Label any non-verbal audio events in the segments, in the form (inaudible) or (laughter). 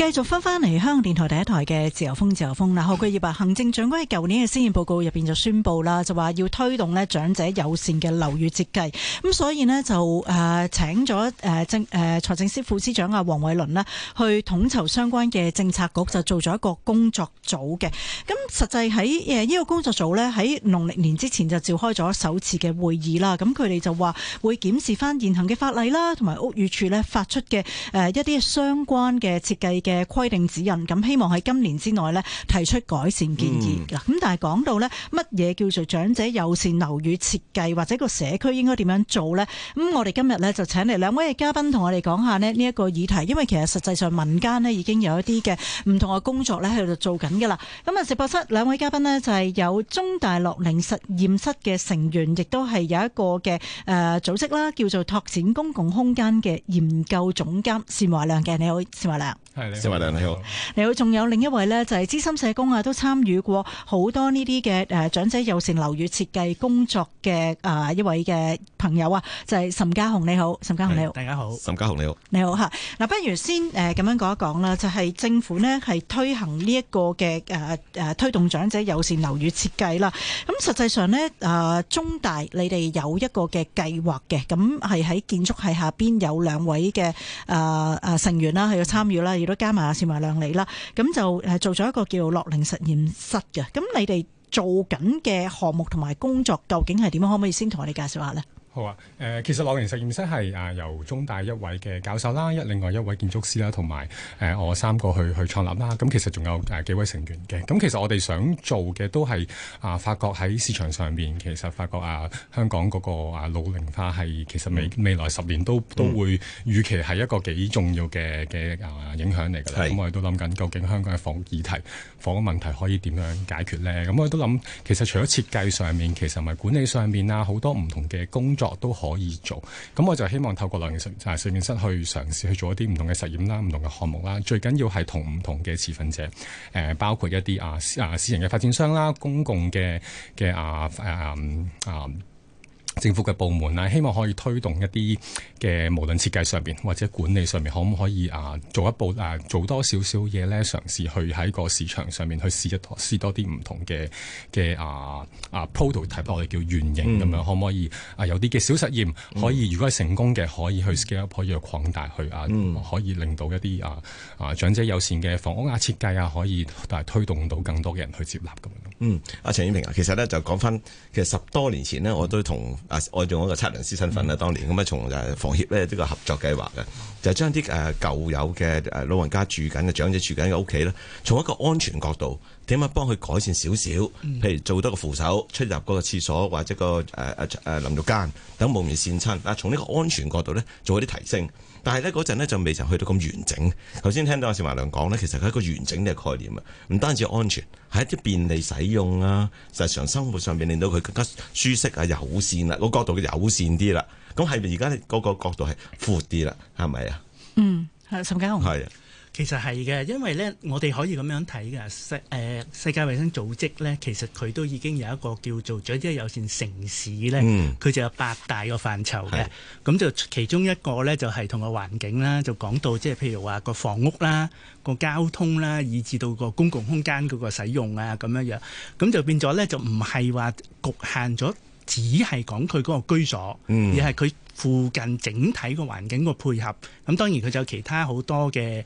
繼續翻翻嚟，香港電台第一台嘅自由風，自由風啦。何桂葉啊，行政長官喺舊年嘅施政報告入邊就宣布啦，就話要推動咧長者友善嘅樓宇設計。咁所以呢，就、呃、誒請咗誒政誒財政司副司長阿黃偉綸啦，去統籌相關嘅政策局，就做咗一個工作組嘅。咁實際喺誒呢個工作組呢，喺農曆年之前就召開咗首次嘅會議啦。咁佢哋就話會檢視翻現行嘅法例啦，同埋屋宇署呢發出嘅誒一啲相關嘅設計嘅。嘅規定指引咁，希望喺今年之內呢，提出改善建議噶。咁、嗯、但係講到呢，乜嘢叫做長者友善樓宇設計，或者個社區應該點樣做呢？咁、嗯、我哋今日呢，就請嚟兩位嘅嘉賓同我哋講下咧呢一個議題，因為其實實際上民間呢已經有一啲嘅唔同嘅工作呢喺度做緊噶啦。咁啊，直播室兩位嘉賓呢，就係有中大樂齡實驗室嘅成員，亦都係有一個嘅誒、呃、組織啦，叫做拓展公共空間嘅研究總監，單懷亮嘅。你好，單懷亮。懷亮你好，你好。仲有另一位呢，就係資深社工啊，都參與過好多呢啲嘅誒長者友善樓宇設計工作嘅啊一位嘅朋友啊，就係岑家雄。你好，岑家雄。你好，大家好，岑家雄。你好，你好嚇嗱，不如先誒咁樣講一講啦，就係、是、政府呢，係推行呢一個嘅誒誒推動長者友善樓宇設計啦，咁實際上呢，啊中大你哋有一個嘅計劃嘅，咁係喺建築系下邊有兩位嘅啊啊成員啦要參與啦。都加埋阿單懷亮理啦，咁就誒做咗一個叫樂齡實驗室嘅。咁你哋做緊嘅項目同埋工作究竟係點樣？可唔可以先同我哋介紹下咧？好啊，誒，其實樂齡實驗室係誒由中大一位嘅教授啦，一另外一位建築師啦，同埋誒我三個去去創立啦。咁其實仲有誒幾位成員嘅。咁其實我哋想做嘅都係啊，發覺喺市場上邊，其實發覺啊，香港嗰個啊老齡化係其實未未來十年都都會預期係一個幾重要嘅嘅啊影響嚟㗎。咁我哋都諗緊究竟香港嘅房議題、房屋問題可以點樣解決咧？咁、嗯、我都諗，其實除咗設計上面，其實係管理上面啊，好多唔同嘅工作都可以做，咁我就希望透過兩間就係實驗室去嘗試去做一啲唔同嘅實驗啦、唔同嘅項目啦，最緊要係同唔同嘅持份者，誒、呃、包括一啲啊私啊私營嘅發展商啦、公共嘅嘅啊誒啊。啊啊政府嘅部門啊，希望可以推動一啲嘅，無論設計上邊或者管理上面，可唔可以啊，做一步啊，做多少少嘢咧，嘗，嘗試去喺個市場上面去試一多試多啲唔同嘅嘅啊啊 prototype，我哋叫原型咁樣、嗯，可唔可以啊？有啲嘅小實驗可以，嗯、如果係成功嘅，可以去 scale up，可以擴大去啊，嗯、可以令到一啲啊啊長者友善嘅房屋啊設計啊，可以但係推動到更多嘅人去接納咁樣。嗯，阿陳燕萍啊，其實咧就講翻，其實十多年前咧，我都同。啊，外仲一個測量師身份啦，當年咁啊，從誒房協咧呢個合作計劃嘅，就將啲誒舊有嘅誒老人家住緊嘅長者住緊嘅屋企咧，從一個安全角度，點樣幫佢改善少少，譬如做多個扶手，出入嗰個廁所或者、嗰個誒誒誒淋浴間等無線親，啊，從呢個安全角度咧做一啲提升。但係咧嗰陣咧就未曾去到咁完整。頭先聽到阿單懷亮講咧，其實佢係一個完整嘅概念啊，唔單止安全，係一啲便利使用啊，日常生活上邊令到佢更加舒適啊、友善啊，個角度嘅友善啲啦。咁係咪而家嗰個角度係闊啲啦？係咪啊？嗯，岑家雄。係。其實係嘅，因為咧，我哋可以咁樣睇嘅世、呃、世界衞生組織咧，其實佢都已經有一個叫做，仲有啲友善城市咧，佢、嗯、就有八大個範疇嘅。咁的就其中一個咧，就係同個環境啦，就講到即係譬如話個房屋啦、個交通啦，以至到個公共空間嗰個使用啊咁樣樣。咁就變咗咧，就唔係話局限咗，只係講佢嗰個居所，嗯、而係佢附近整體個環境個配合。咁當然佢就有其他好多嘅。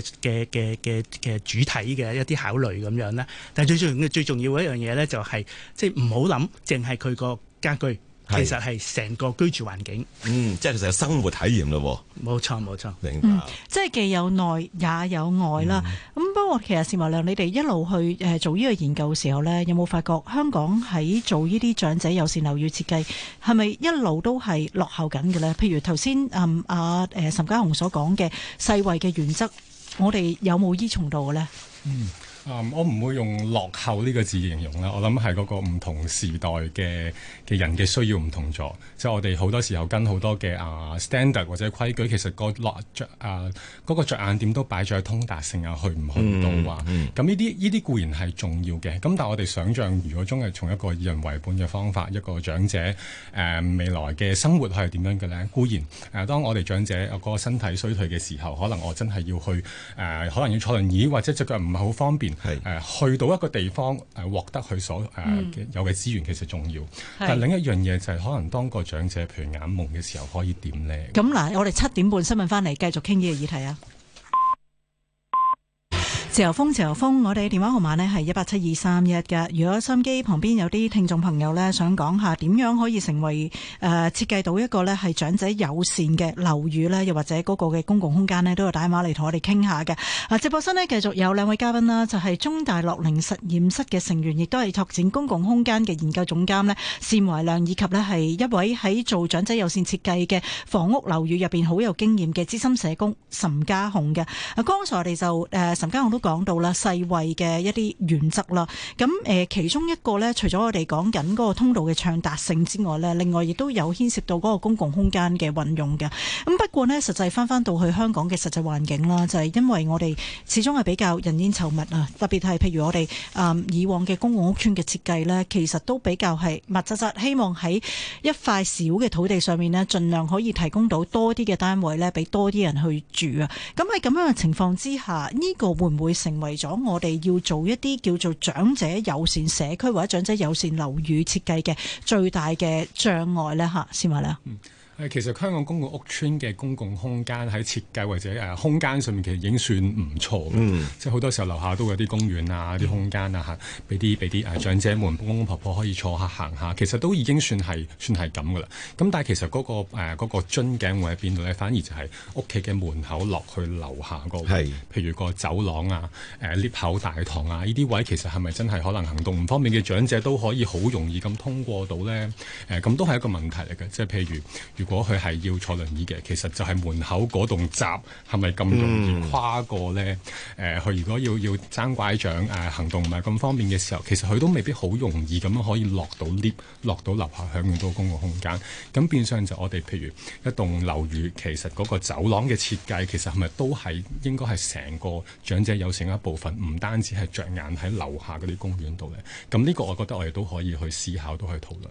嘅嘅嘅嘅嘅主體嘅一啲考慮咁樣啦，但係最重要最重要嘅一樣嘢咧，就係即係唔好諗淨係佢個家居，的其實係成個居住環境。嗯，即係成個生活體驗咯。冇錯冇錯，錯明白。嗯、即係既有內也有外啦。咁不過其實，單懷亮，你哋一路去誒、呃、做呢個研究嘅時候咧，有冇發覺香港喺做呢啲長者友善樓宇設計，係咪一路都係落後緊嘅咧？譬如頭先啊啊誒，岑、呃呃呃呃呃、家雄所講嘅世衛嘅原則。我哋有冇依從到呢？嗯。啊、um, 這個！我唔會用落後呢個字形容啦。我諗係嗰個唔同時代嘅嘅人嘅需要唔同咗。即係我哋好多時候跟好多嘅啊、uh, standard 或者規矩，其實、那個落、uh, 著啊嗰個着眼點都擺咗喺通達性啊，去唔去到啊。咁呢啲呢啲固然係重要嘅。咁但係我哋想象如果仲係從一個以人為本嘅方法，一個長者誒、uh, 未來嘅生活係點樣嘅咧？固然誒，uh, 當我哋長者個、uh, 身體衰退嘅時候，可能我真係要去誒，uh, 可能要坐輪椅或者隻腳唔係好方便。係誒是、呃，去到一個地方誒，獲、呃、得佢所誒、呃嗯、有嘅資源，其實重要。是但另一樣嘢就係、是，可能當個長者譬如眼蒙嘅時候，可以點咧？咁嗱，我哋七點半新聞翻嚟，繼續傾呢個議題啊！自由風，自由風，我哋電話號碼呢係一八七二三一嘅。如果收音機旁邊有啲聽眾朋友呢，想講下點樣可以成為誒、呃、設計到一個呢係長者友善嘅樓宇呢，又或者嗰個嘅公共空間呢，都有打電話嚟同我哋傾下嘅。啊，直播室呢，繼續有兩位嘉賓啦，就係、是、中大樂齡實驗室嘅成員，亦都係拓展公共空間嘅研究總監呢，單懷亮，以及呢係一位喺做長者友善設計嘅房屋樓宇入邊好有經驗嘅資深社工岑家雄嘅。啊，剛才我哋就誒岑、呃、家雄都。講到啦，世衛嘅一啲原則啦，咁誒，其中一個呢，除咗我哋講緊嗰個通道嘅暢達性之外呢，另外亦都有牽涉到嗰個公共空間嘅運用嘅。咁不過呢，實際翻翻到去香港嘅實際環境啦，就係、是、因為我哋始終係比較人煙稠密啊，特別係譬如我哋誒、嗯、以往嘅公共屋邨嘅設計呢，其實都比較係密質質，希望喺一塊小嘅土地上面呢，儘量可以提供到多啲嘅單位呢，俾多啲人去住啊。咁喺咁樣嘅情況之下，呢、這個會唔會成為咗我哋要做一啲叫做長者友善社區或者長者友善樓宇設計嘅最大嘅障礙咧？吓，先話啦。其實香港公共屋邨嘅公共空間喺設計或者誒空間上面，其實已經算唔錯。即係好多時候樓下都有啲公園啊、啲空間啊嚇，俾啲俾啲誒長者們公公婆婆可以坐下行下，其實都已經算係算係咁噶啦。咁但係其實嗰、嗰個誒、呃嗰個、樽頸位喺邊度咧？反而就係屋企嘅門口落去樓下嗰個位，是譬如個走廊啊、誒、呃、lift 口大堂啊，呢啲位其實係咪真係可能行動唔方便嘅長者都可以好容易咁通過到咧？誒、呃，咁都係一個問題嚟嘅。即係譬如，如果如果佢係要坐輪椅嘅，其實就係門口嗰棟閘係咪咁容易跨過呢？誒、嗯呃，佢如果要要揸拐杖誒、啊、行動唔係咁方便嘅時候，其實佢都未必好容易咁樣可以落到 lift，落到樓下享用到公共空間。咁變相就我哋譬如一棟樓宇，其實嗰個走廊嘅設計，其實係咪都係應該係成個長者友善一部分？唔單止係着眼喺樓下嗰啲公園度呢。咁呢個我覺得我哋都可以去思考，都去討論。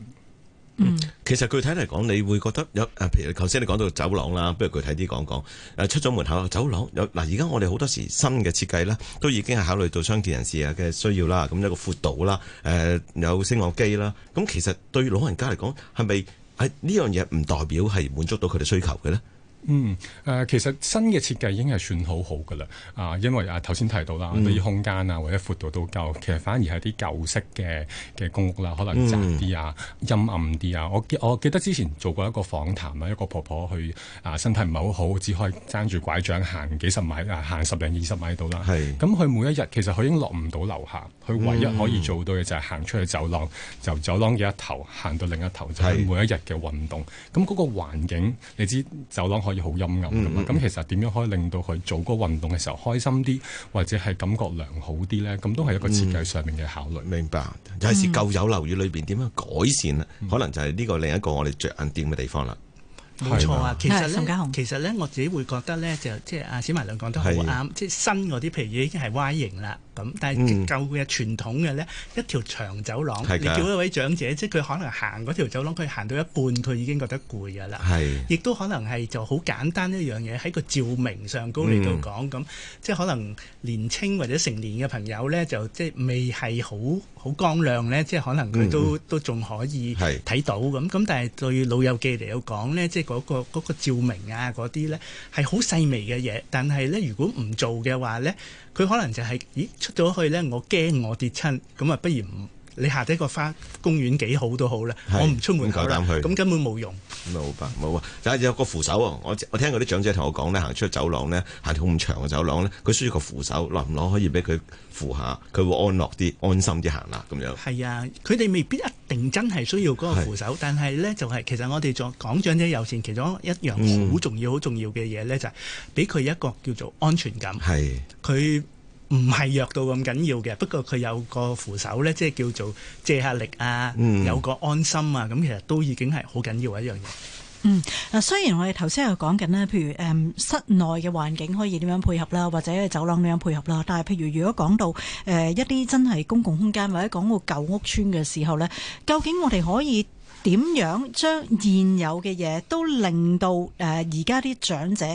其實具體嚟講，你會覺得有誒，譬如頭先你講到走廊啦，不如具體啲講講誒，出咗門口走廊有嗱，而家我哋好多時新嘅設計啦，都已經係考慮到傷健人士嘅需要啦，咁一個闊度啦，誒有升降機啦，咁其實對老人家嚟講，係咪係呢樣嘢唔代表係滿足到佢哋需求嘅咧？嗯，誒、呃，其實新嘅設計已經係算好好嘅啦，啊、呃，因為啊頭先提到啦，啲、嗯、空間啊或者闊度都夠，其實反而係啲舊式嘅嘅公屋啦，可能窄啲啊、陰、嗯、暗啲啊。我記我記得之前做過一個訪談啊，一個婆婆去啊、呃、身體唔係好好，只可以撐住拐杖行，行幾十米啊，行十零二十米度啦。係是，咁佢每一日其實佢已經落唔到樓下，佢唯一可以做到嘅就係行出去走廊，由、嗯、走廊嘅一頭行到另一頭，另一頭就係、是、每一日嘅運動，咁嗰是是個環境你知走廊可以好陰暗噶嘛？咁其實點樣可以令到佢做嗰個運動嘅時候開心啲，或者係感覺良好啲咧？咁都係一個設計上面嘅考慮。明白，尤其是舊有樓宇裏邊點樣改善咧？可能就係呢個另一個我哋著眼點嘅地方啦。冇錯啊，其實咧，岑家雄，其實咧，我自己會覺得咧，就即係阿單懷亮講得好啱，即係新嗰啲，譬如已經係 Y 型啦。咁，但係舊嘅、嗯、傳統嘅咧，一條長走廊，的你叫一位長者，即係佢可能行嗰條走廊，佢行到一半，佢已經覺得攰㗎喇。係是，亦都可能係就好簡單一樣嘢，喺個照明上高嚟度講，咁、嗯、即係可能年輕或者成年嘅朋友咧，就即係未係好好光亮咧，即係可能佢都、嗯、都仲可以睇到咁。咁是但係對老友記嚟講咧，即係、嗰、嗰、個嗰個照明啊嗰啲咧係好細微嘅嘢，但係咧如果唔做嘅話咧，佢可能就係、是，咦？出咗去咧，我驚我跌親，咁啊，不如你下低個花公園幾好都好啦，是我唔出門口，咁根本冇用。咁咪好白冇啊！有個扶手，我聽我聽嗰啲長者同我講咧，行出走廊咧，行條咁長嘅走廊咧，佢需要個扶手，攞唔攞可以俾佢扶下，佢會安樂啲、安心啲行啦。咁樣。係啊，佢哋未必一定真係需要嗰個扶手，是但係咧就係、是、其實我哋做講長者友善其中一樣好重要、好、嗯、重要嘅嘢咧，就係俾佢一個叫做安全感。係是。佢是。唔係弱到咁緊要嘅，不過佢有個扶手呢，即係叫做借下力啊，嗯、有個安心啊，咁其實都已經係好緊要嘅一樣嘢。嗯，嗱，雖然我哋頭先又講緊呢，譬如誒、嗯、室內嘅環境可以點樣配合啦，或者走廊點樣配合啦，但係譬如如果講到誒、呃、一啲真係公共空間或者講個舊屋邨嘅時候呢，究竟我哋可以點樣將現有嘅嘢都令到誒而家啲長者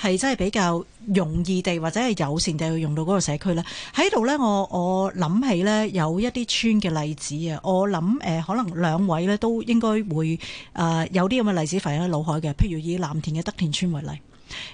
係真係比較容易地或者係友善地去用到嗰個社區咧？喺度咧，我我諗起咧有一啲村嘅例子啊，我諗誒、呃、可能兩位咧都應該會誒、呃、有啲咁嘅例子浮喺腦海嘅，譬如以藍田嘅德田村為例。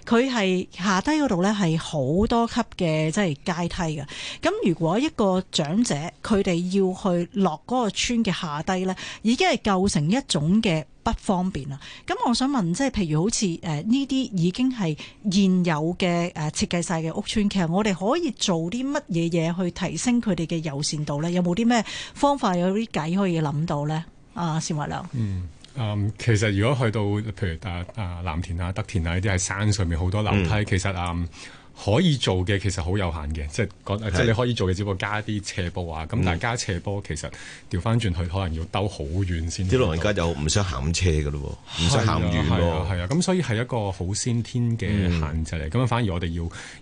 佢係下低嗰度咧，係好多級嘅即係階梯嘅。咁如果一個長者，佢哋要去落嗰個村嘅下低咧，已經係構成一種嘅不方便啦。咁我想問，即係譬如好似誒呢啲已經係現有嘅誒設計晒嘅屋邨，其實我哋可以做啲乜嘢嘢去提升佢哋嘅友善度咧？有冇啲咩方法有啲計可以諗到咧？啊，單懷亮。嗯。嗯，um，其實如果去到譬如啊啊藍田啊德田啊呢啲，係山上面好多樓梯，嗯、其實啊。嗯可以做嘅其實好有限嘅，即係是即係你可以做嘅，只不過加啲斜坡啊。咁、嗯、但係加斜坡其實調翻轉去，可能要兜好遠先。啲老人家就唔想行咁斜嘅咯，唔想行咁遠咯係啊，係啊。咁、啊啊、所以係一個好先天嘅限制嚟。咁樣、嗯、反而我哋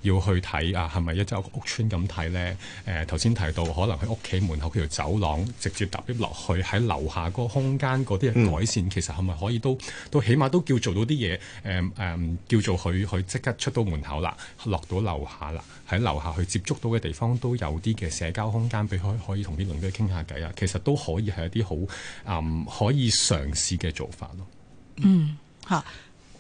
要要去睇啊，係咪一就屋村咁睇咧？誒頭先提到可能喺屋企門口條走廊直接搭 𨋢 落去，喺樓下嗰個空間嗰啲改善，嗯、其實係咪可以都都起碼都叫做到啲嘢？誒、嗯、誒，叫做佢佢即刻出到門口啦，到樓下啦，喺樓下去接觸到嘅地方都有啲嘅社交空間，俾可可以同啲鄰居傾下偈啊。其實都可以係一啲好啊，可以嘗試嘅做法咯。嗯，嚇，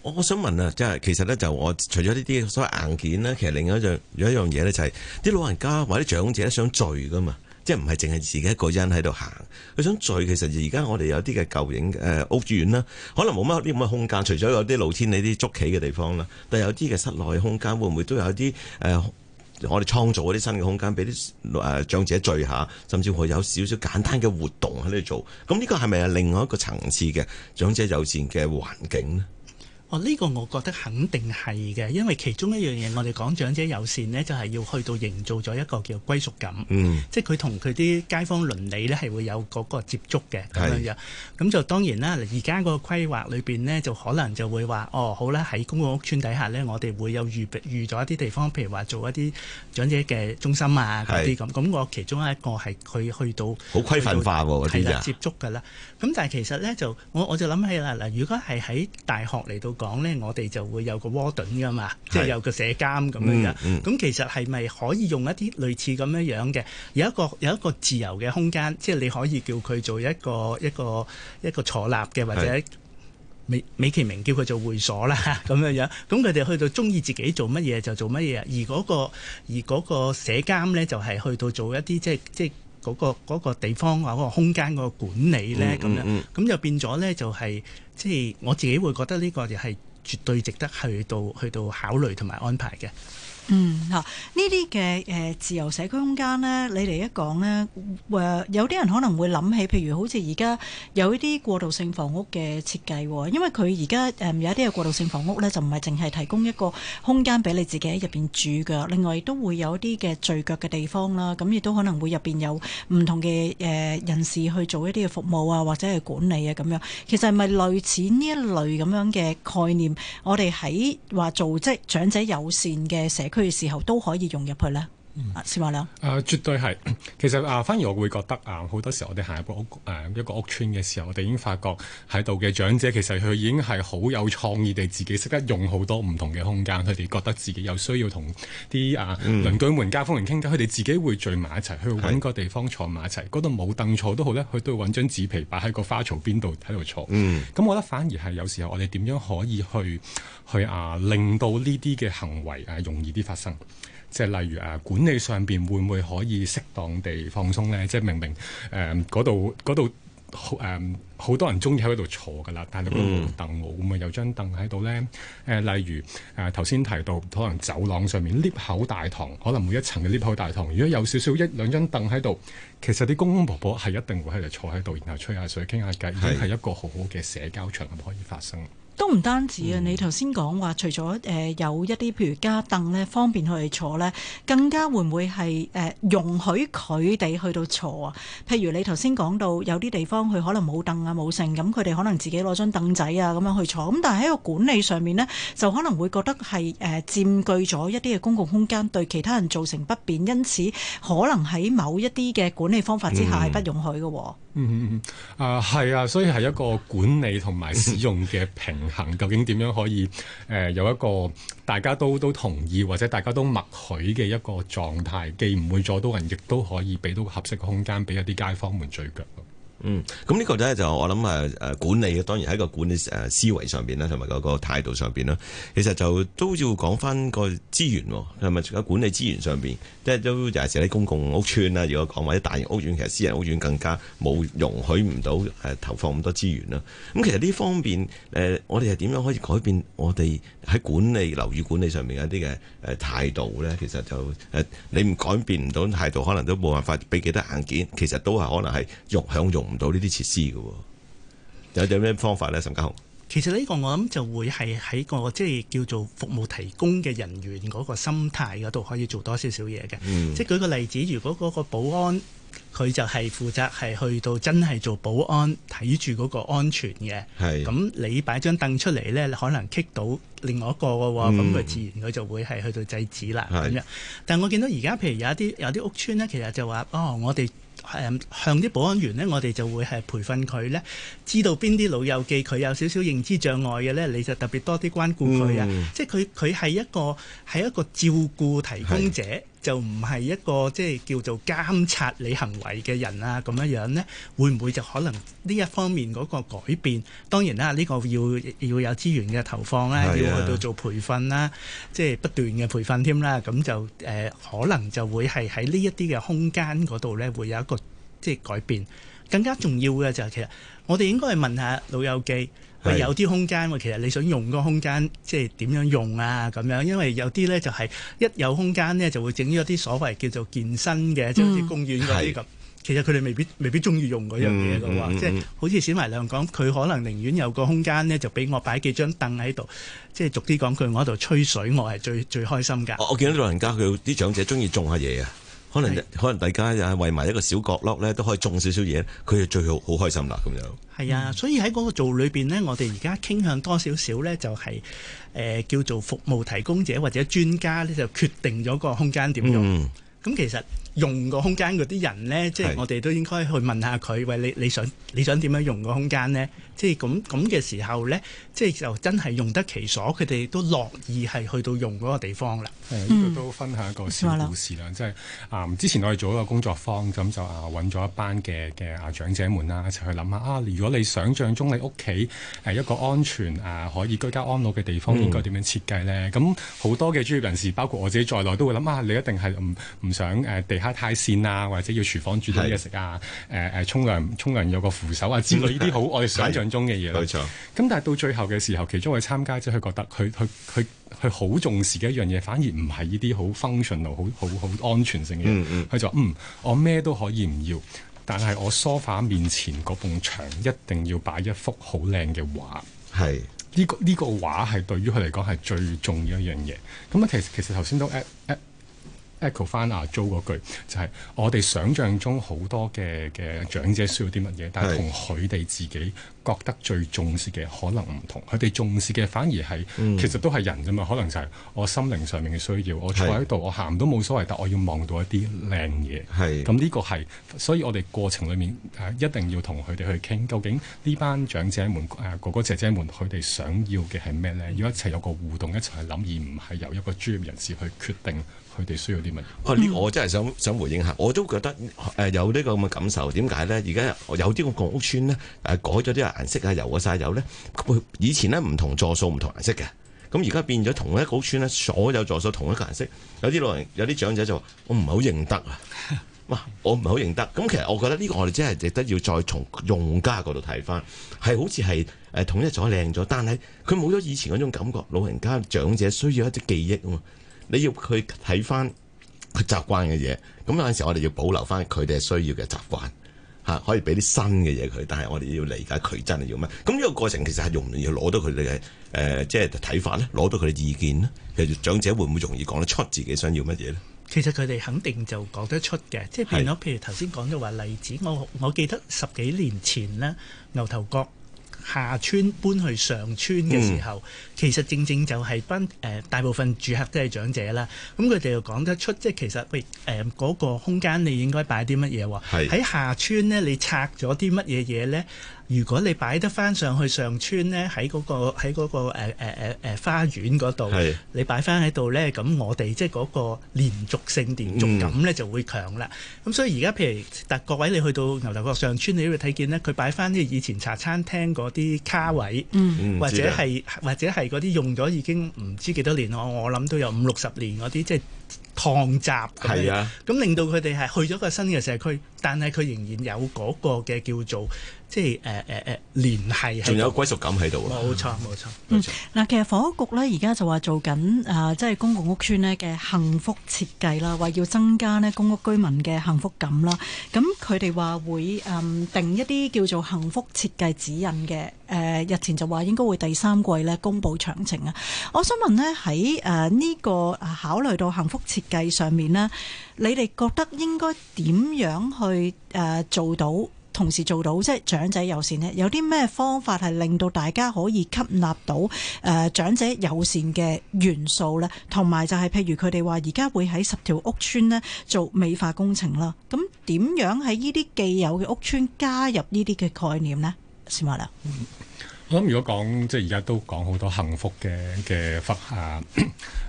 我我想問啊，即係其實咧，就我除咗呢啲所謂硬件咧，其實另外一樣，有一樣嘢咧，就係、是、啲老人家或者長者想聚噶嘛。即係唔係淨係自己一個人喺度行，佢想聚，其實而家我哋有啲嘅舊影誒、呃、屋苑啦，可能冇乜啲咁嘅空間，除咗有啲露天呢啲捉棋嘅地方啦，但係有啲嘅室內空間，會唔會都有啲誒、呃，我哋創造嗰啲新嘅空間，俾啲誒長者聚下，甚至會有少少簡單嘅活動喺度做，咁呢個係咪係另外一個層次嘅長者友善嘅環境咧？哦，呢個我覺得肯定係嘅，因為其中一樣嘢，我哋講長者友善呢，就係要去到營造咗一個叫歸屬感，即係佢同佢啲街坊鄰里呢係會有嗰個接觸嘅咁樣樣。咁就當然啦，而家個規劃裏邊呢，就可能就會話，哦，好啦，喺公共屋邨底下呢，我哋會有預備預咗一啲地方，譬如話做一啲長者嘅中心啊嗰啲咁。咁我其中一個係佢去到好規範化喎嗰啲嘅接觸㗎啦。咁但係其實呢，就我我就諗起啦，嗱，如果係喺大學嚟到。講咧，我哋就會有個窩頓噶嘛，即係有個社監咁樣樣。咁其實係咪可以用一啲類似咁樣樣嘅，有一個有一個自由嘅空間，即係你可以叫佢做一個一個一個坐立嘅，或者美美其名叫佢做會所啦咁樣樣。咁佢哋去到鍾意自己做乜嘢就做乜嘢，而嗰個而嗰個社監咧就係去到做一啲即係即係。嗰個嗰個地方啊，嗰個空間嗰個管理咧，咁樣、嗯嗯嗯、咁就變咗咧，就係即係我自己會覺得呢個就係絕對值得去到去到考慮同埋安排嘅。嗯吓呢啲嘅，誒自由社區空間咧，你哋一講咧，誒、呃、有啲人可能會諗起，譬如好似而家有一啲過渡性房屋嘅設計，因為佢而家誒有一啲嘅過渡性房屋咧，就唔係淨係提供一個空間俾你自己喺入邊住嘅，另外亦都會有一啲嘅聚腳嘅地方啦。咁亦都可能會入邊有唔同嘅誒人士去做一啲嘅服務啊，或者係管理啊咁樣，其實係咪類似呢一類咁樣嘅概念？我哋喺話做即係長者友善嘅社佢哋時候都可以融入去咧。説話咧？誒、嗯啊，絕對係。其實啊，反而我會覺得啊，好多時我哋行入個屋誒一個屋邨嘅、啊、時候，我哋已經發覺喺度嘅長者其實佢已經係好有創意地自，自己識得用好多唔同嘅空間。佢哋覺得自己有需要同啲啊鄰居、嗯、們、街坊們傾偈，佢哋自己會聚埋一齊，去揾個地方坐埋一齊。嗰度冇凳坐好都好咧，佢都揾張紙皮擺喺個花槽邊度喺度坐。嗯，咁、嗯、我覺得反而係有時候我哋點樣可以去去啊，令到呢啲嘅行為啊容易啲發生。即係例如誒、啊、管理上邊會唔會可以適當地放鬆咧？即係明明誒嗰度嗰度誒好多人中意喺度坐㗎啦，但係嗰凳會唔會有張凳喺度咧？誒、呃、例如誒頭先提到可能走廊上面 lift 口大堂，可能每一層嘅 lift 口大堂，如果有少少一兩張凳喺度，其實啲公公婆婆係一定會喺度坐喺度，然後吹下水傾下偈，已經係一個好好嘅社交場合可以發生。都唔單止啊！嗯、你頭先講話除咗誒、呃、有一啲譬如加凳咧，方便佢哋坐咧，更加會唔會係誒、呃、容許佢哋去到坐啊？譬如你頭先講到有啲地方佢可能冇凳啊冇剩，咁佢哋可能自己攞張凳仔啊咁樣去坐。咁但係喺個管理上面咧，就可能會覺得係誒佔據咗一啲嘅公共空間，對其他人造成不便，因此可能喺某一啲嘅管理方法之下係不容許嘅、嗯。嗯嗯嗯啊，係、呃、啊，所以係一個管理同埋使用嘅平衡。 (laughs) 行究竟點樣可以？誒、呃、有一個大家都都同意或者大家都默許嘅一個狀態，既唔會阻到人，亦都可以俾到個合適嘅空間俾一啲街坊們聚腳。嗯，咁、這、呢個咧就我諗誒誒管理，當然喺個管理誒思維上邊啦，同埋嗰個態度上邊啦。其實就都要講翻個資源，係咪？除咗管理資源上邊，即係都有時喺公共屋邨啦，如果講或者大型屋苑，其實私人屋苑更加冇容許唔到誒投放咁多資源啦。咁其實呢方面誒，我哋係點樣可以改變我哋喺管理樓宇管理上邊一啲嘅誒態度咧？其實就誒，你唔改變唔到態度，可能都冇辦法俾幾多硬件，其實都係可能係欲享用唔到呢啲設施嘅，有啲咩方法咧？岑家雄，其實呢個我諗就會係喺個即係、就是、叫做服務提供嘅人員嗰個心態嗰度，可以做多少少嘢嘅。嗯、即係舉個例子，如果嗰個保安佢就係負責係去到真係做保安睇住嗰個安全嘅，咁是你擺張凳出嚟咧，你可能棘到另外一個嘅，咁佢、嗯、自然佢就會係去到制止啦咁是樣。但係我見到而家譬如有一啲有啲屋村咧，其實就話哦，我哋。誒向啲保安員呢，我哋就會係培訓佢咧，知道邊啲老友記佢有少少認知障礙嘅呢，你就特別多啲關顧佢啊。嗯、即係佢佢係一個係一個照顧提供者。就唔係一個即係叫做監察你行為嘅人啊，咁樣樣呢，會唔會就可能呢一方面嗰個改變？當然啦，呢個要要有資源嘅投放啦，要去到做培訓啦，即係不斷嘅培訓添啦。咁就誒可能就會係喺呢一啲嘅空間嗰度呢，會有一個即係改變。更加重要嘅就係，其實我哋應該係問下老友記。係是有啲空間，其實你想用嗰個空間，即係點樣用啊？咁樣，因為有啲咧就係、是、一有空間咧，就會整咗啲所謂叫做健身嘅，嗯、即係好似公園嗰啲咁是其實佢哋未必未必中意用嗰樣嘢嘅喎。嗯嗯、即係好似單懷亮講，佢可能寧願有個空間咧，就俾我擺幾張凳喺度，即係俗啲講句，我喺度吹水，我係最最開心㗎。我見到啲老人家，佢啲長者中意種下嘢啊。可能可能大家又係為埋一個小角落咧，都可以種少少嘢，佢就最好好開心啦。咁樣係啊，所以喺嗰個做裏邊咧，我哋而家傾向多少少咧，就係誒叫做服務提供者，或者專家咧，就決定咗個空間點用。咁、嗯、其實。用個空間嗰啲人咧，是即係我哋都應該去問下佢，喂，你你想你想點樣用個空間咧？即係咁咁嘅時候咧，即係就真係用得其所，佢哋都樂意係去到用嗰個地方啦。誒，呢、呢個都分享一個小故事啦，即係啊，之前我哋做一個工作坊，咁就啊揾咗一班嘅嘅啊長者們啦，一齊去諗下啊，如果你想像中你屋企係一個安全啊可以居家安老嘅地方，嗯、應該點樣設計咧？咁好多嘅專業人士，包括我自己在內，都會諗啊，你一定係唔唔想誒地下。太線啊，或者要廚房煮啲嘢食啊，誒誒是，沖涼沖涼有個扶手啊之類呢啲好我哋想像中嘅嘢。咁、嗯、但係到最後嘅時候，其中位參加者佢、就是、覺得佢佢佢佢好重視嘅一樣嘢，反而唔係呢啲好 functional，好好好安全性嘅嘢。佢、嗯嗯、就話：嗯，我咩都可以唔要，但係我梳化面前嗰埲牆一定要擺一幅好靚嘅畫。係是。呢、呢個呢、呢個畫係對於佢嚟講係最重要一樣嘢。咁啊，其實其實頭先都 ad, Echo 翻阿 Joe 嗰句就係，是，我哋想象中好多嘅嘅長者需要啲乜嘢，但係同佢哋自己覺得最重視嘅可能唔同。佢哋是重視嘅反而係，嗯、其實都係人啫嘛。可能就係我心靈上面嘅需要。我坐喺度，是我行都冇所謂，但我要望到一啲靚嘢。係咁呢個係。所以我哋過程裡面，啊、一定要同佢哋去傾，究竟呢班長者們，誒、啊、哥哥姐姐們佢哋想要嘅係咩咧？要一齊有個互動，一齊去諗，而唔係由一個專業人士去決定。佢哋需要啲乜嘢？呢個、嗯、我真係想想回應下，我都覺得誒、呃、有呢個咁嘅感受。點解咧？而家有啲個舊屋村咧，誒、呃、改咗啲顏色啊，油晒油咧。以前咧唔同座數唔同顏色嘅，咁而家變咗同一個屋村咧，所有座數同一個顏色。有啲老人有啲長者就話：我唔係好認得啊！哇！我唔係好認得。咁、 (laughs) 嗯、其實我覺得呢個我哋真係值得要再從用家角度睇翻，係好似係誒統一咗靚咗，但係佢冇咗以前嗰種感覺。老人家長者需要一啲記憶啊嘛。你要佢睇翻佢習慣嘅嘢，咁有陣時我哋要保留翻佢哋需要嘅習慣嚇、啊，可以俾啲新嘅嘢佢，但係我哋要理解佢真係要乜。咁呢個過程其實係容唔容易攞到佢哋嘅誒，即係睇法咧，攞到佢嘅意見咧。其實長者會唔會容易講得出自己想要乜嘢咧？其實佢哋肯定就講得出嘅，即係變咗。是譬如頭先講到話例子，我我記得十幾年前咧，牛頭角。下村搬去上村嘅時候，嗯、其實正正就係分誒大部分住客都係長者啦。咁佢哋又講得出，即係其實誒嗰、呃嗰個空間，你應該擺啲乜嘢喎？喺是下村呢，你拆咗啲乜嘢嘢呢？如果你擺得翻上去上村咧，喺嗰、那個喺嗰、那個誒誒誒花園嗰度，是你擺翻喺度咧，咁我哋即係嗰個連續性、連續感咧就會強啦。咁、嗯、所以而家譬如，但各位你去到牛頭角上村，你都會睇見咧，佢擺翻啲以前茶餐廳嗰啲卡位，嗯、或者係或者係嗰啲用咗已經唔知幾多年，我我諗都有五六十年嗰啲，即係趟閘。係啊，咁令到佢哋係去咗個新嘅社區，但係佢仍然有嗰個嘅叫做。即係誒誒誒聯繫，仲、呃呃呃、有歸屬感喺度啊！冇錯冇、嗯、錯嗱、嗯，其實房屋局咧而家就話做緊啊，即、呃、係、就是、公共屋邨咧嘅幸福設計啦，話要增加咧公屋居民嘅幸福感啦。咁佢哋話會誒、嗯、定一啲叫做幸福設計指引嘅誒、呃，日前就話應該會第三季咧公佈詳情啊。我想問呢，喺誒呢個考慮到幸福設計上面呢，你哋覺得應該點樣去誒做到？同時做到即係長者友善咧，有啲咩方法係令到大家可以吸納到誒、呃、長者友善嘅元素呢？同埋就係譬如佢哋話而家會喺十條屋邨咧做美化工程啦，咁點樣喺呢啲既有嘅屋邨加入呢啲嘅概念呢？先話啦。我諗，如果講即係而家都講好多幸福嘅嘅房啊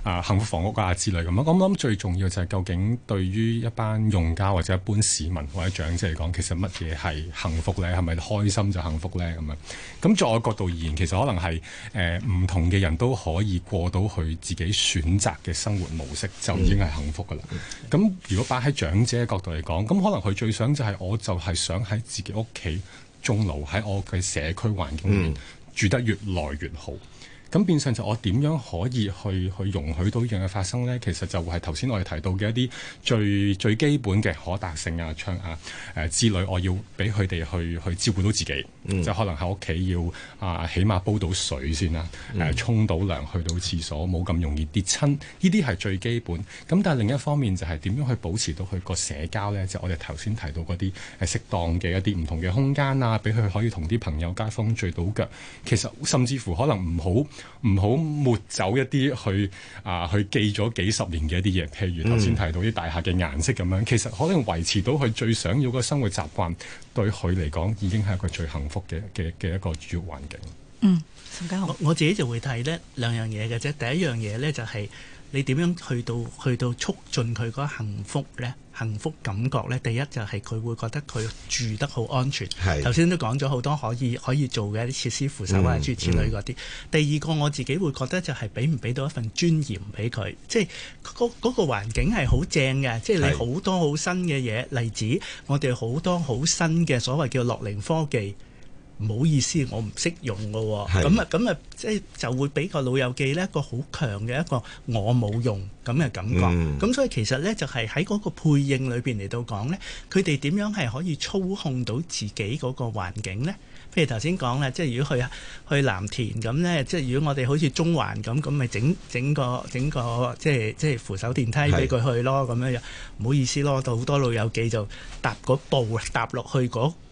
啊幸福房屋啊之類咁啊，我諗最重要就係究竟對於一班用家或者一般市民或者長者嚟講，其實乜嘢係幸福咧？係咪開心就幸福咧？咁樣咁，在我角度而言，其實可能係誒唔同嘅人都可以過到佢自己選擇嘅生活模式，就已經係幸福噶啦。咁、嗯、如果擺喺長者角度嚟講，咁可能佢最想就係、是、我就係想喺自己屋企。終老喺我嘅社區環境裏面住得越來越好。咁變相就我點樣可以去去容許到依樣嘅發生呢？其實就係頭先我哋提到嘅一啲最最基本嘅可達性啊、窗啊、誒、呃、之類，我要俾佢哋去去照顧到自己，嗯、就可能喺屋企要啊，起碼煲到水先啦、啊，誒、嗯呃、沖到涼去到廁所冇咁容易跌親，呢啲係最基本。咁但係另一方面就係點樣去保持到佢個社交呢？就係、我哋頭先提到嗰啲係適當嘅一啲唔同嘅空間啊，俾佢可以同啲朋友街坊聚到腳。其實甚至乎可能唔好。唔好抹走一啲去啊，去記咗幾十年嘅一啲嘢，譬如頭先提到啲大廈嘅顏色咁樣，嗯、其實可能維持到佢最想要嘅生活習慣，對佢嚟講已經係一個最幸福嘅嘅嘅一個主要環境。嗯，岑家雄，我，我自己就會睇呢兩樣嘢嘅啫，第一樣嘢咧就係、是、你點樣去到去到促進佢嗰幸福咧。幸福感覺呢，第一就係佢會覺得佢住得好安全。頭先是都講咗好多可以可以做嘅一啲設施、扶手啊、諸如此類嗰啲。嗯、第二個我自己會覺得就係俾唔俾到一份尊嚴俾佢，即係嗰嗰個環境係好正嘅，嗯、即係你好多好新嘅嘢。是例子我哋好多好新嘅所謂叫樂齡科技。唔好意思，我唔識用㗎喎、哦，咁啊是，咁啊，即係就會俾個老友記呢一個好強嘅一個我冇用咁嘅感覺。咁、嗯、所以其實呢，就係喺嗰個配應裏邊嚟到講呢，佢哋點樣係可以操控到自己嗰個環境呢？譬如頭先講啦，即係如果去去藍田咁呢，即係如果我哋好似中環咁，咁咪整整個整個,整個即係即係扶手電梯俾佢去咯咁是樣樣。唔好意思咯，好多老友記就搭嗰部搭落去嗰、那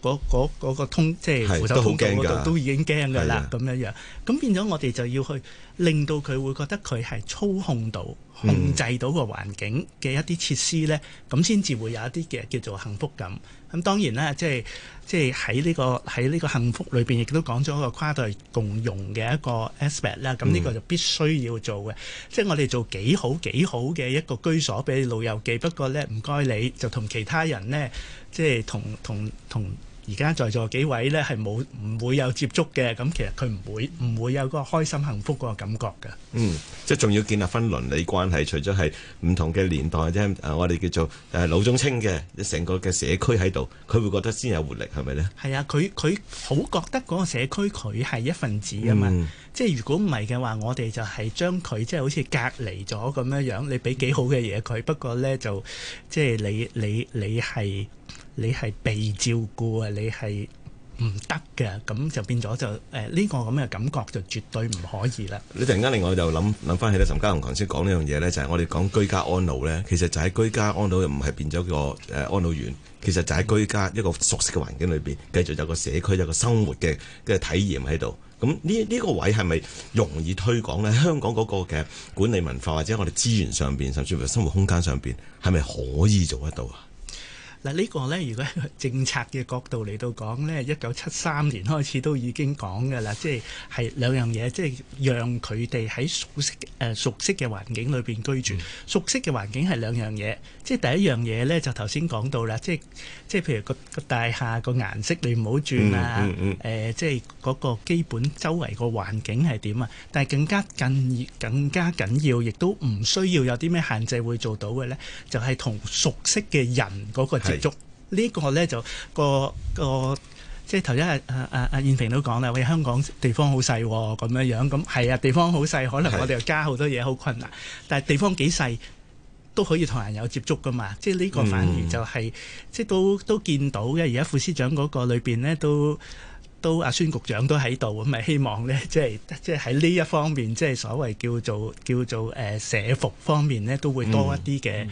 個。嗰、嗰個嗰個通即係扶是手通嗰度都，都已經驚㗎啦，咁的樣樣咁變咗我哋就要去令到佢會覺得佢係操控到、控制到個環境嘅一啲設施咧，咁先至會有一啲嘅叫做幸福感。咁當然啦，即係即係喺呢個喺呢個幸福裏邊，亦都講咗一個跨代共融嘅一個 aspect 啦。咁呢個就必須要做嘅。嗯、即係我哋做幾好幾好嘅一個居所俾你老友記，不過咧唔該你，就同其他人咧，即係同同同。同同同同而家在，在座幾位呢，係冇唔會有接觸嘅，咁其實佢唔會唔會有個開心幸福嗰個感覺嘅。嗯，即係仲要建立分鄰里關係，除咗係唔同嘅年代啫，我哋叫做誒老中青嘅成個嘅社區喺度，佢會覺得先有活力係咪呢？係啊，佢佢好覺得嗰個社區佢係一份子啊嘛。嗯、即係如果唔係嘅話，我哋就係將佢即係好似隔離咗咁樣樣，你俾幾好嘅嘢佢，不過呢，就即係你你你係。你你係被照顧啊！你係唔得嘅，咁就變咗就誒呢、呃呢個咁嘅感覺就絕對唔可以啦。你突然間令我就諗諗翻起咧，岑家雄頭先講呢樣嘢咧，就係、係、我哋講居家安老咧，其實就喺居家安老又唔係變咗個誒安老院，其實就喺居家一個熟悉嘅環境裏邊，繼續有個社區有個生活嘅嘅體驗喺度。咁呢呢個位係咪容易推廣咧？香港嗰個嘅管理文化或者我哋資源上邊，甚至乎生活空間上邊，係咪可以做得到啊？嗱呢個咧，如果喺政策嘅角度嚟到講咧，一九七三年開始都已經講噶啦，即係係兩樣嘢，即係讓佢哋喺熟悉誒、呃、熟悉嘅環境裏邊居住。嗯、熟悉嘅環境係兩樣嘢，即係第一樣嘢咧，就頭先講到啦，即係即係譬如個個大廈個顏色你唔好轉啊，誒、嗯嗯嗯呃、即係嗰個基本周圍個環境係點啊。但係更加更更加緊要，亦都唔需要有啲咩限制會做到嘅咧，就係、是、同熟悉嘅人嗰個。接觸呢個呢，就個個即係頭先阿阿阿燕萍都講啦，喂、啊啊，香港地方好細咁樣樣，咁係啊，地方好細，可能我哋又加好多嘢好困難，是但係地方幾細都可以同人有接觸噶嘛。即係呢個反而就係、是、即係都都見到，因而家副司長嗰個裏邊呢都都阿孫、啊、局長都喺度，咁咪希望呢，即係即係喺呢一方面，即係所謂叫做叫做誒社服方面呢，都會多一啲嘅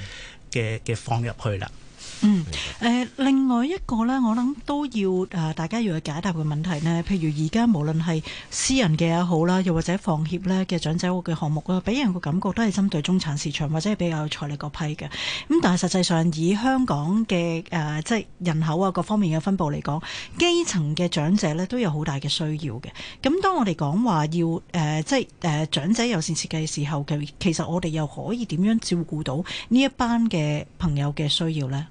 嘅嘅放入去啦。嗯，誒、呃、另外一個咧，我諗都要誒、呃、大家要去解答嘅問題呢。譬如而家無論係私人嘅也好啦，又或者房協咧嘅長者屋嘅項目啦，俾人個感覺都係針對中產市場或者係比較有財力嗰批嘅。咁但係實際上以香港嘅誒、呃、即係人口啊各方面嘅分布嚟講，基層嘅長者咧都有好大嘅需要嘅。咁當我哋講話要誒、呃、即係誒、呃、長者友善設計嘅時候嘅，其實我哋又可以點樣照顧到呢一班嘅朋友嘅需要呢？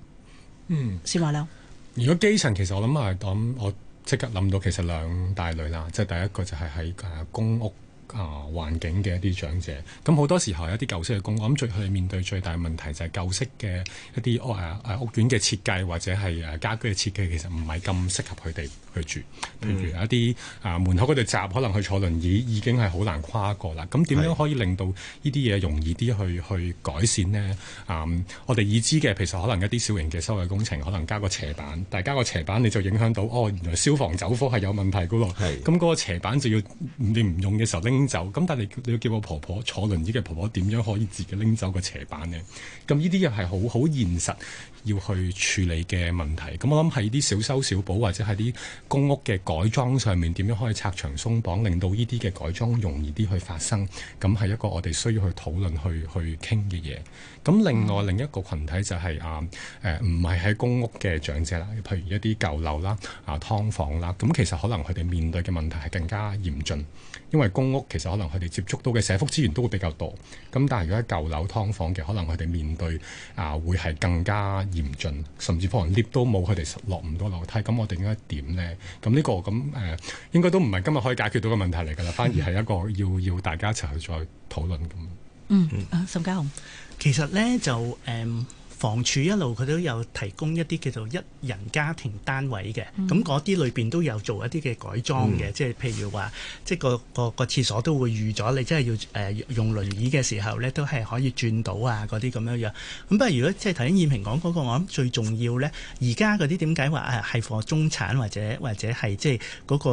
嗯，先話啦。如果基層，其實我諗係講，我即刻諗到其實兩大類啦，即係第一個就係喺公屋。啊，環境嘅一啲長者，咁好多時候有一啲舊式嘅公屋，咁最佢面對最大嘅問題就係舊式嘅一啲屋啊屋苑嘅設計或者係誒家居嘅設計，其實唔係咁適合佢哋去住。譬如一啲啊門口嗰度閘，可能去坐輪椅已經係好難跨過啦。咁點樣可以令到呢啲嘢容易啲去去改善呢？嗯，我哋已知嘅，其實可能一啲小型嘅修葺工程，可能加個斜板，但係加個斜板你就影響到哦，原來消防走火係有問題嘅喎。咁嗰個斜板就要你唔用嘅時候拎走。咁，但係你要叫我婆婆坐輪椅嘅婆婆，點樣可以自己拎走個斜板呢？咁呢啲又係好好現實要去處理嘅問題。咁我諗喺啲小修小補或者喺啲公屋嘅改裝上面，點樣可以拆牆鬆綁，令到呢啲嘅改裝容易啲去發生？咁係一個我哋需要去討論、去去傾嘅嘢。咁另外另一個群體就係、是、啊，誒唔係喺公屋嘅長者啦，譬如一啲舊樓啦、啊劏房啦，咁、啊、其實可能佢哋面對嘅問題係更加嚴峻。因為公屋其實可能佢哋接觸到嘅社福資源都會比較多，咁但係如果喺舊樓劏房嘅，可能佢哋面對啊、呃、會係更加嚴峻，甚至可能 lift 都冇，佢哋落唔到樓梯。咁我哋應該點呢？咁呢、這個咁誒、呃、應該都唔係今日可以解決到嘅問題嚟㗎啦，反而係一個要要大家一齊去再討論咁。嗯啊，岑家雄，其實呢就誒。嗯房署一路佢都有提供一啲叫做一人家庭單位嘅，咁嗰啲裏邊都有做一啲嘅改裝嘅、嗯，即係譬如話，即係個個個廁所都會預咗，你真係要誒、呃、用輪椅嘅時候咧，都係可以轉到啊嗰啲咁樣樣。咁不過如果即係頭先燕平講嗰個，我諗最重要咧，而家嗰啲點解話係放中產或者或者係即係嗰個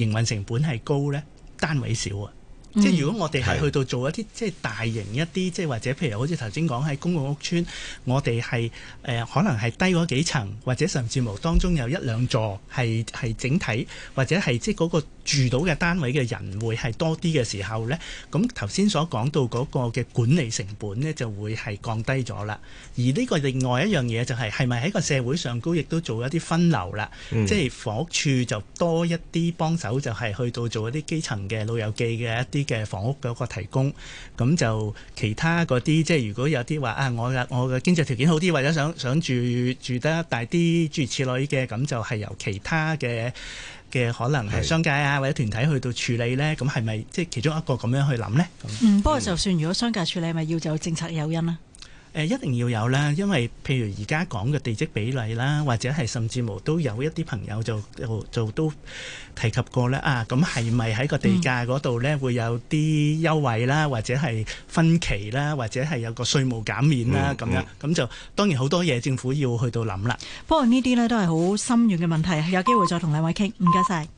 營運成本係高咧，單位少啊？嗯、即係如果我哋係去到做一啲的即係大型一啲，即係或者譬如好似頭先講，喺公共屋邨，我哋係誒可能係低嗰幾層，或者甚至乎當中有一兩座係係整體或者係即係個住到嘅單位嘅人會係多啲嘅時候咧，咁頭先所講到個嘅管理成本咧就會係降低咗啦。而呢個另外一樣嘢就係係咪喺個社會上高亦都做一啲分流啦，嗯、即係房屋處就多一啲幫手，就係去到做一啲基層嘅老友記嘅一啲嘅房屋一個提供，咁就其他嗰啲，即係如果有啲話啊，我嘅我嘅經濟條件好啲，或者想想住住得大啲，諸如此類嘅，咁就係由其他嘅嘅可能係商界啊，或者團體去到處理呢。咁係咪即係其中一個咁樣去諗呢？嗯，嗯，不過就算如果商界處理，咪要就政策誘因啦。誒一定要有啦，因為譬如而家講嘅地積比例啦，或者係甚至乎都有一啲朋友就就，就，就都提及過啦。啊，咁係咪喺個地價嗰度呢？會有啲優惠啦，或者係分期啦，或者係有個稅務減免啦咁、嗯嗯、樣？咁就當然好多嘢政府要去到諗啦。嗯嗯、不過呢啲呢，都係好深遠嘅問題，有機會再同兩位傾。唔該晒。